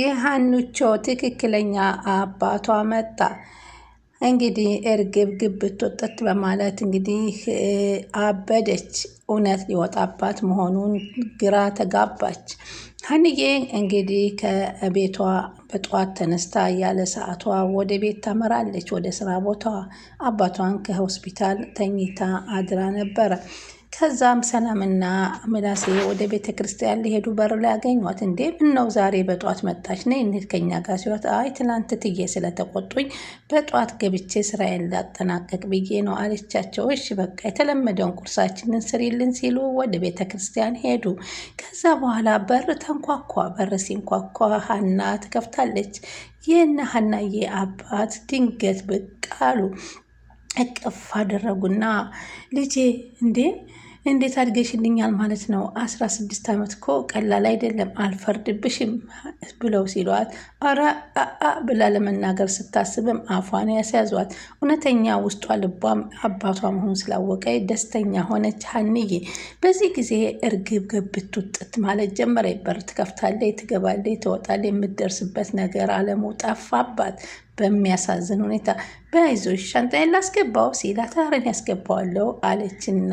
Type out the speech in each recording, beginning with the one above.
የሀኒቾ ትክክለኛ አባቷ መጣ። እንግዲህ እርግብ ግብት ወጠት በማለት እንግዲህ አበደች። እውነት ሊወጣባት መሆኑን ግራ ተጋባች። ሀንዬ እንግዲህ ከቤቷ በጠዋት ተነስታ ያለ ሰዓቷ ወደ ቤት ታመራለች። ወደ ስራ ቦታዋ አባቷን ከሆስፒታል ተኝታ አድራ ነበረ። ከዛም ሰላምና ምላሴ ወደ ቤተ ክርስቲያን ሊሄዱ በር ላይ ያገኟት። እንዴ ምነው ዛሬ በጠዋት መጣች? ነይ እንሂድ ከኛ ጋር ሲሏት፣ አይ ትናንት ትዬ ስለተቆጡኝ በጠዋት ገብቼ ስራዬን ላጠናቀቅ ብዬ ነው አለቻቸው። እሺ በቃ የተለመደውን ቁርሳችንን ስሪልን ሲሉ ወደ ቤተ ክርስቲያን ሄዱ። ከዛ በኋላ በር ተንኳኳ። በር ሲንኳኳ ሀና ትከፍታለች። ይህና ሀናዬ አባት ድንገት ብቅ አሉ። እቅፍ አደረጉና ልጄ እንዴ እንዴት አድገሽልኛል ማለት ነው። አስራ ስድስት ዓመት እኮ ቀላል አይደለም አልፈርድብሽም ብለው ሲሏት አራ አአ ብላ ለመናገር ስታስብም አፏን ያስያዟት። እውነተኛ ውስጧ ልቧም አባቷ መሆን ስላወቀ ደስተኛ ሆነች ሀንዬ። በዚህ ጊዜ እርግብ ገብት ውጥት ማለት ጀመረ። በር ትከፍታለች፣ ትገባለች፣ ትወጣለች። የምትደርስበት ነገር አለሙ ጠፋባት። በሚያሳዝን ሁኔታ በይዞሽ ሻንጣዬን ላስገባው ሲላት አረን ያስገባዋለሁ አለችና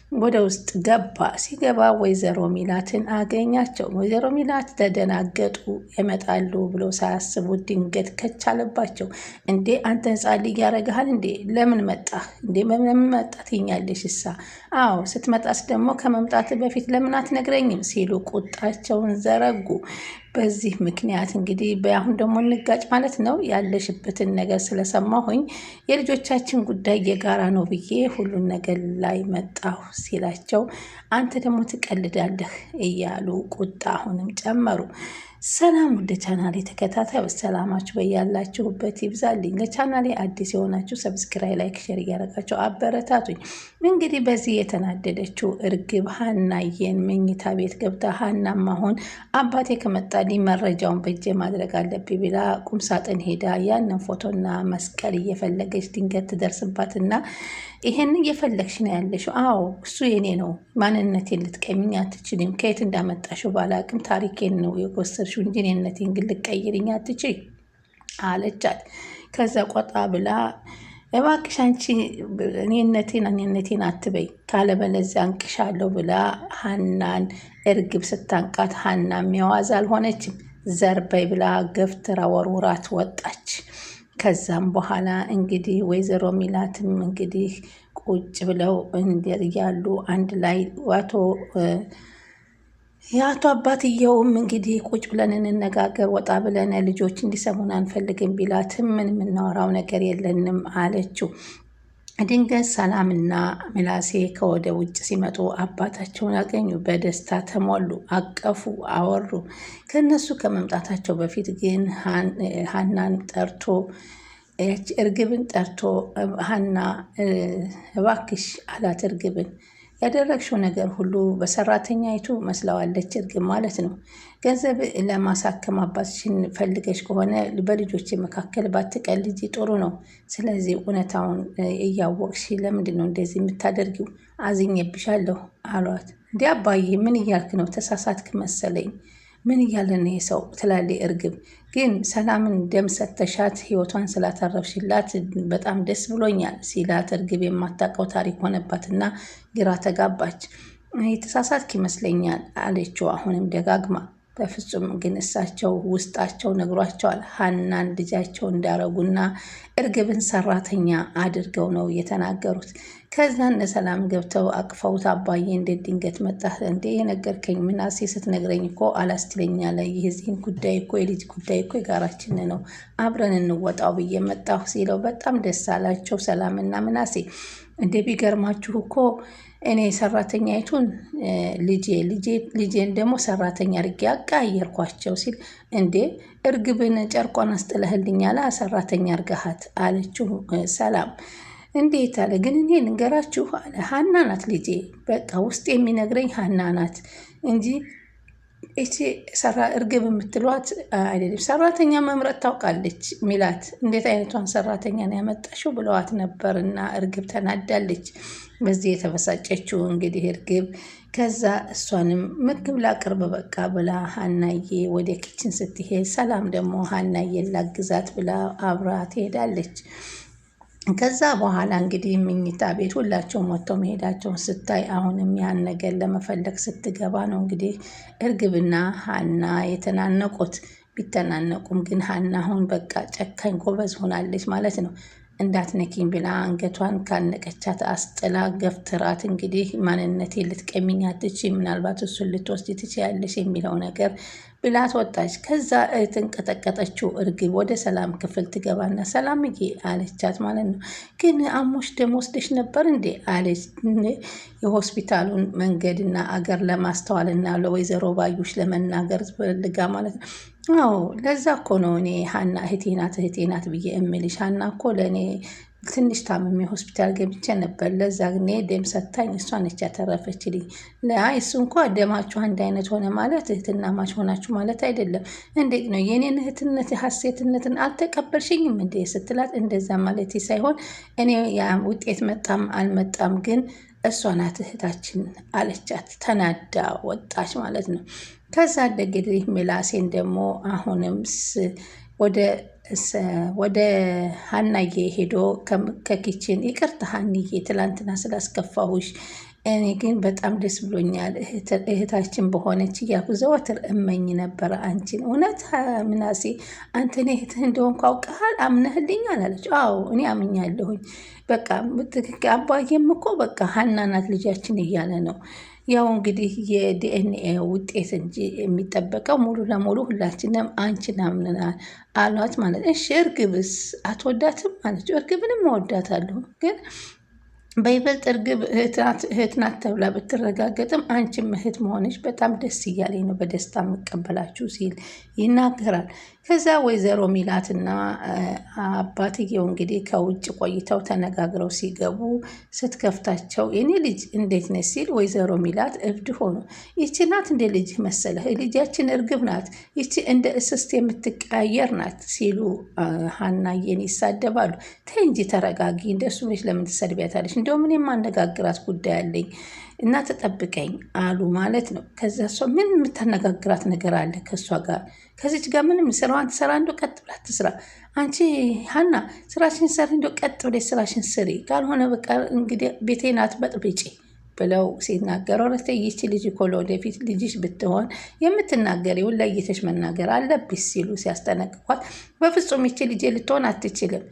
ወደ ውስጥ ገባ። ሲገባ ወይዘሮ ሚላትን አገኛቸው። ወይዘሮ ሚላት ተደናገጡ። ይመጣሉ ብሎ ሳያስቡ ድንገት ከች አለባቸው። እንዴ አንተ ህፃን ልጅ ያደረግሃል እንዴ? ለምን መጣ እንዴ? ለምን መጣ ትኛለሽ? እሳ አዎ፣ ስትመጣስ ደግሞ ከመምጣት በፊት ለምን አትነግረኝም? ሲሉ ቁጣቸውን ዘረጉ። በዚህ ምክንያት እንግዲህ በአሁን ደግሞ እንጋጭ ማለት ነው። ያለሽበትን ነገር ስለሰማሁኝ የልጆቻችን ጉዳይ የጋራ ነው ብዬ ሁሉን ነገር ላይ መጣሁ ሲላቸው አንተ ደግሞ ትቀልዳለህ እያሉ ቁጣ አሁንም ጨመሩ። ሰላም ወደ ቻናሌ ተከታታይ ሰላማችሁ በያላችሁበት ይብዛልኝ። ለቻናሌ አዲስ የሆናችሁ ሰብስክራይ፣ ላይክ፣ ሼር እያደረጋችሁ አበረታቱኝ። እንግዲህ በዚህ የተናደደችው እርግብ ሀናዬን መኝታ ቤት ገብታ ሀና ማሆን አባቴ ከመጣልኝ መረጃውን በእጄ ማድረግ አለብኝ ብላ ቁምሳጥን ሄዳ ያንን ፎቶና መስቀል እየፈለገች ድንገት ትደርስባትና ይሄን እየፈለግሽ ነው ያለሽው? አዎ እሱ የኔ ነው። ማንነቴን ልትቀይሚኝ አትችልም። ከየት እንዳመጣሽው ባላቅም ታሪኬን ነው የወሰድሽው እንጂ እኔነቴን ግን ልትቀይሪኝ አትችይ አለቻት። ከዛ ቆጣ ብላ እባክሽ አንቺ እኔነቴን እኔነቴን አትበይ ካለበለዚያ አንቅሻለሁ ብላ ሀናን እርግብ ስታንቃት ሀና የሚያዋዝ አልሆነችም። ዘርበይ ብላ ገፍትራ ወርውራት ወጣች። ከዛም በኋላ እንግዲህ ወይዘሮ ሚላትም እንግዲህ ቁጭ ብለው እያሉ አንድ ላይ አቶ የአቶ አባትየውም እንግዲህ ቁጭ ብለን እንነጋገር፣ ወጣ ብለን ልጆች እንዲሰሙን አንፈልግም ቢላትም ምንም የምናወራው ነገር የለንም አለችው። ድንገት ሰላምና ምላሴ ከወደ ውጭ ሲመጡ አባታቸውን አገኙ። በደስታ ተሞሉ፣ አቀፉ፣ አወሩ። ከነሱ ከመምጣታቸው በፊት ግን ሀናን ጠርቶ እርግብን ጠርቶ ሀና እባክሽ አላት እርግብን ያደረግሽው ነገር ሁሉ በሰራተኛይቱ መስለዋለች እርግብ ማለት ነው። ገንዘብ ለማሳከም አባትሽን ፈልገሽ ከሆነ በልጆች መካከል ባትቀልጂ ጥሩ ነው። ስለዚህ እውነታውን እያወቅሽ ለምንድን ነው እንደዚህ የምታደርጊው? አዝኜብሻለሁ አሏት። እንዲህ አባዬ ምን እያልክ ነው? ተሳሳትክ መሰለኝ ምን እያለ ነው ይሄ ሰው ትላለች እርግብ። ግን ሰላምን ደም ሰተሻት ህይወቷን ስላተረፍሽላት በጣም ደስ ብሎኛል ሲላት እርግብ የማታውቀው ታሪክ ሆነባትና ግራ ተጋባች። የተሳሳትክ ይመስለኛል አለችው አሁንም ደጋግማ በፍጹም ግን እሳቸው ውስጣቸው ነግሯቸዋል ሀናን ልጃቸው እንዳረጉና እርግብን ሰራተኛ አድርገው ነው የተናገሩት። ከዛ እነ ሰላም ገብተው አቅፈውት አባዬ እንዴት ድንገት መጣህ? እንዴ የነገርከኝ ምናሴ ስትነግረኝ እኮ አላስትለኛለ። ይህዚህን ጉዳይ እኮ የልጅ ጉዳይ እኮ የጋራችን ነው አብረን እንወጣው ብዬ መጣሁ ሲለው በጣም ደስ አላቸው ሰላምና ምናሴ። እንደ ቢገርማችሁ እኮ እኔ ሰራተኛይቱን ልጄ ልጄን ደግሞ ሰራተኛ አድርጌ የርኳቸው ሲል እንዴ እርግብን ጨርቋን አላ ሰራተኛ አድርገሃት አለችው ሰላም እንዴት አለ ግን እኔ ንገራችሁ አለ ሀና ናት ልጄ በቃ ውስጥ የሚነግረኝ ሀና ናት እንጂ እቺ እርግብ የምትሏት አይደለም ሰራተኛ መምረጥ ታውቃለች ሚላት እንዴት አይነቷን ሰራተኛ ነው ያመጣሽው ብለዋት ነበር እና እርግብ ተናዳለች። በዚህ የተበሳጨችው እንግዲህ እርግብ ከዛ እሷንም ምግብ ላቅርብ በቃ ብላ ሀናዬ ወደ ኪችን ስትሄድ፣ ሰላም ደግሞ ሀናዬን ላግዛት ብላ አብራ ትሄዳለች። ከዛ በኋላ እንግዲህ ምኝታ ቤት ሁላቸው ወጥተው መሄዳቸውን ስታይ አሁንም ያን ነገር ለመፈለግ ስትገባ ነው እንግዲህ እርግብና ሀና የተናነቁት። ቢተናነቁም ግን ሀና አሁን በቃ ጨካኝ ጎበዝ ሆናለች ማለት ነው። እንዳትነኪኝ ብላ አንገቷን ካነቀቻት አስጥላ ገፍትራት እንግዲህ ማንነቴን ልትቀሚኝ ምናልባት እሱን ልትወስድ ትችያለሽ የሚለው ነገር ብላት ወጣች። ከዛ የተንቀጠቀጠችው እርግብ ወደ ሰላም ክፍል ትገባና ሰላምዬ አለቻት ማለት ነው። ግን አሞሽ ደም ወስደሽ ነበር እንዴ አለች። የሆስፒታሉን መንገድና አገር ለማስተዋልና ለወይዘሮ ባዩሽ ለመናገር ፈልጋ ማለት ነው። አዎ ለዛ እኮ ነው እኔ ሀና እህቴ ናት እህቴ ናት ብዬ እምልሽ። ሀና እኮ ለእኔ ትንሽ ታምሜ ሆስፒታል ገብቼ ነበር። ለዛ ግኔ ደም ሰታኝ እሷ ነች ያተረፈችልኝ። ለአይ እሱ እንኳ ደማችሁ አንድ አይነት ሆነ ማለት እህትና ማች ሆናችሁ ማለት አይደለም። እንዴት ነው የኔን እህትነት ሀሴትነትን አልተቀበልሽኝም እንዴ ስትላት እንደዛ ማለት ሳይሆን እኔ ያ ውጤት መጣም አልመጣም ግን እሷ ናት እህታችን አለቻት። ተናዳ ወጣች ማለት ነው። ከዛ እንግዲህ ምላሴን ደግሞ አሁንም ወደ ሀናዬ ሄዶ ከኪችን ይቅርታ ሀንዬ ትላንትና ስላስከፋሁሽ እኔ ግን በጣም ደስ ብሎኛል እህታችን በሆነች እያልኩ ዘወትር እመኝ ነበረ አንቺን። እውነት ምናሴ አንተ እኔ እህትህ እንደሆንኩ አውቀሃል አምነህልኛል? አለች። አዎ እኔ አምኛለሁኝ። በቃ ትክክል። አባዬም እኮ በቃ ሀና ናት ልጃችን እያለ ነው። ያው እንግዲህ የዲኤንኤ ውጤት እንጂ የሚጠበቀው ሙሉ ለሙሉ ሁላችንም አንቺን አምነናል አሏት ማለት። እሺ እርግብስ አትወዳትም? አለች። እርግብንም እወዳታለሁ ግን በይበልጥ እርግብ እህት ናት ተብላ ብትረጋገጥም አንቺም እህት መሆንሽ በጣም ደስ እያለኝ ነው፣ በደስታ የምቀበላችሁ ሲል ይናገራል። ከዛ ወይዘሮ ሚላትና አባትየው እንግዲህ ከውጭ ቆይተው ተነጋግረው ሲገቡ ስትከፍታቸው የኔ ልጅ እንዴት ነች ሲል ወይዘሮ ሚላት እብድ ሆኑ። ይቺ ናት እንደ ልጅ መሰለህ ልጃችን እርግብ ናት ይቺ እንደ እስስት የምትቀያየር ናት ሲሉ ሀናዬን ይሳደባሉ። ተይ እንጂ ተረጋጊ፣ እንደሱ ቤት ለምን ትሰድቢያታለሽ? እንደውም እኔ የማነጋግራት ጉዳይ አለኝ እና ተጠብቀኝ አሉ ማለት ነው። ከዛ እሷ ምን የምታነጋግራት ነገር አለ ከእሷ ጋር ከዚች ጋር ምንም ስራዋን ትሰራ እንዶ ቀጥ ብላ ትስራ። አንቺ ሀና ስራሽን ሰሪ እንዶ ቀጥ ብላ ስራሽን ስሪ፣ ካልሆነ በቃ እንግዲህ ቤቴን አትበጥብጪ ብለው ሲናገረው ረስተ ይቺ ልጅ ኮሎ ወደፊት ልጅሽ ብትሆን የምትናገሪውን ለይተሽ መናገር አለብሽ ሲሉ ሲያስጠነቅቋት፣ በፍጹም ይቺ ልጅ ልትሆን አትችልም።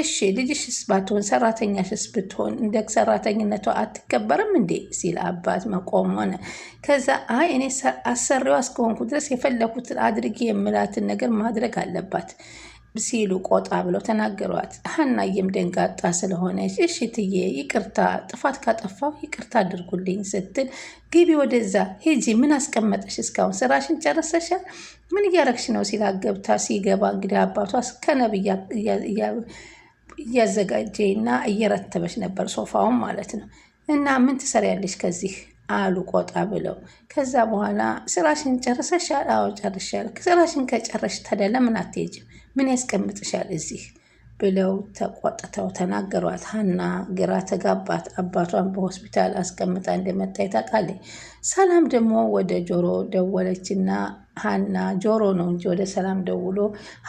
እሺ ልጅሽስ ባትሆን ሰራተኛሽስ ብትሆን እንደ ሰራተኝነቷ አትከበርም እንዴ? ሲል አባት መቆም ሆነ። ከዛ አይ እኔ አሰሪዋ እስከሆንኩ ድረስ የፈለኩትን አድርጌ የምላትን ነገር ማድረግ አለባት ሲሉ ቆጣ ብለው ተናገሯት። ሀናዬም ደንጋጣ ስለሆነች እሺ ትዬ ይቅርታ፣ ጥፋት ካጠፋው ይቅርታ አድርጉልኝ ስትል ግቢ ወደዛ ሂጂ፣ ምን አስቀመጠሽ? እስካሁን ስራሽን ጨረሰሻ? ምን እያረግሽ ነው? ሲላ ገብታ ሲገባ እንግዲህ አባቷ ከነብ እያዘጋጀ እና እየረተበች ነበር፣ ሶፋውን ማለት ነው። እና ምን ትሰሪያለሽ ከዚህ አሉ ቆጣ ብለው። ከዛ በኋላ ስራሽን ጨርሰሻል? አዎ ጨርሻል። ስራሽን ከጨረሽ ታዲያ ለምን አትሄጂም? ምን ያስቀምጥሻል እዚህ ብለው ተቆጥተው ተናገሯት። ሀና ግራ ተጋባት። አባቷን በሆስፒታል አስቀምጣ እንደመጣ ታውቃለች። ሰላም ደግሞ ወደ ጆሮ ደወለችና ሀና ጆሮ ነው እንጂ ወደ ሰላም ደውሎ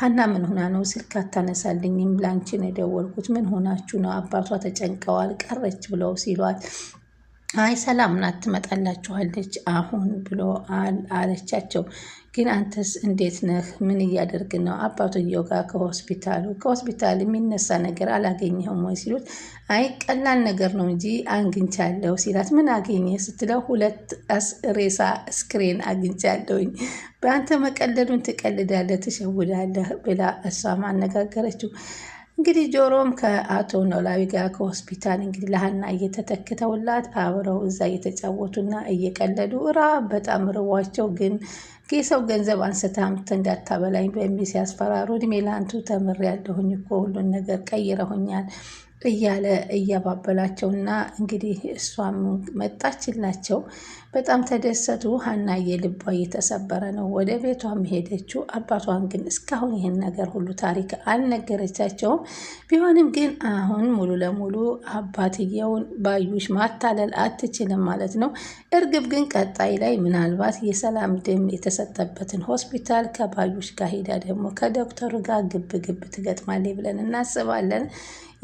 ሀና ምን ሆና ነው ስልክ አታነሳልኝም? ላንቺ የደወልኩት። ምን ሆናችሁ ነው? አባቷ ተጨንቀዋል ቀረች ብለው ሲሏት አይ ሰላም ናት ትመጣላችኋለች አሁን ብሎ አለቻቸው። ግን አንተስ እንዴት ነህ? ምን እያደርግ ነው? አባትየው ጋር ከሆስፒታሉ ከሆስፒታል የሚነሳ ነገር አላገኘህም ወይ ሲሉት አይ ቀላል ነገር ነው እንጂ አግኝቻለሁ ሲላት ምን አገኘ ስትለው ሁለት ሬሳ ስክሬን አግኝቻለሁኝ። በአንተ መቀለዱን ትቀልዳለህ፣ ትሸውዳለህ ብላ እሷም አነጋገረችው። እንግዲህ ጆሮም ከአቶ ኖላዊ ጋር ከሆስፒታል እንግዲህ ለሀና እየተተክተውላት አብረው እዛ እየተጫወቱና እየቀለዱ እራ በጣም ርቧቸው ግን የሰው ገንዘብ አንስታ አምጥተ እንዳታበላኝ በሚል ሲያስፈራሩ እድሜ ለአንቱ ተምሬያለሁኝ እኮ ሁሉን ነገር ቀይረሁኛል እያለ እያባበላቸው እና እንግዲህ እሷም መጣችላቸው። በጣም ተደሰቱ። ሀና የልቧ እየተሰበረ ነው። ወደ ቤቷም ሄደችው። አባቷን ግን እስካሁን ይህን ነገር ሁሉ ታሪክ አልነገረቻቸውም። ቢሆንም ግን አሁን ሙሉ ለሙሉ አባትየውን ባዩሽ ማታለል አትችልም ማለት ነው። እርግብ ግን ቀጣይ ላይ ምናልባት የሰላም ድም የተሰጠበትን ሆስፒታል ከባዩሽ ጋር ሄዳ ደግሞ ከዶክተሩ ጋር ግብ ግብ ትገጥማለች ብለን እናስባለን።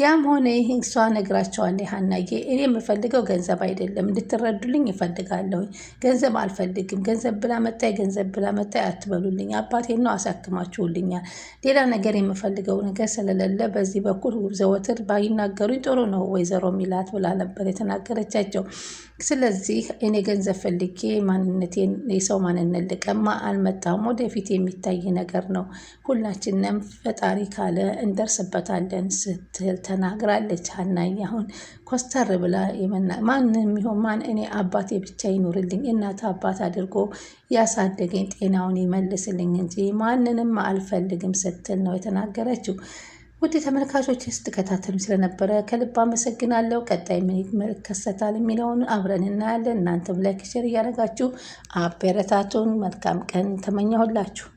ያም ሆነ ይህ እሷ ነግራቸዋለሁ። ሀናጌ እኔ የምፈልገው ገንዘብ አይደለም፣ እንድትረዱልኝ ይፈልጋለሁ። ገንዘብ አልፈልግም። ገንዘብ ብላ መጣይ፣ ገንዘብ ብላ መጣይ አትበሉልኝ። አባቴ ነው አሳክማችሁልኛል። ሌላ ነገር የምፈልገው ነገር ስለሌለ በዚህ በኩል ዘወትር ባይናገሩኝ ጥሩ ነው ወይዘሮ ሚላት ብላ ነበር የተናገረቻቸው። ስለዚህ እኔ ገንዘብ ፈልጌ ማንነቴን የሰው ማንነት ልቀማ አልመጣም። ወደፊት የሚታይ ነገር ነው። ሁላችንም ፈጣሪ ካለ እንደርስበታለን ስትል ተናግራለች። ሀናዬ አሁን ኮስተር ብላ የመና ማንም ይሆን ማን እኔ አባቴ ብቻ ይኖርልኝ እናት አባት አድርጎ ያሳደገኝ ጤናውን ይመልስልኝ እንጂ ማንንም አልፈልግም ስትል ነው የተናገረችው። ውድ ተመልካቾችን ስትከታተሉ ስለነበረ ከልብ አመሰግናለሁ። ቀጣይ ምን ይከሰታል የሚለውን አብረን እናያለን። እናንተም ላይክ፣ ሼር እያደረጋችሁ አበረታቱን። መልካም ቀን ተመኘሁላችሁ።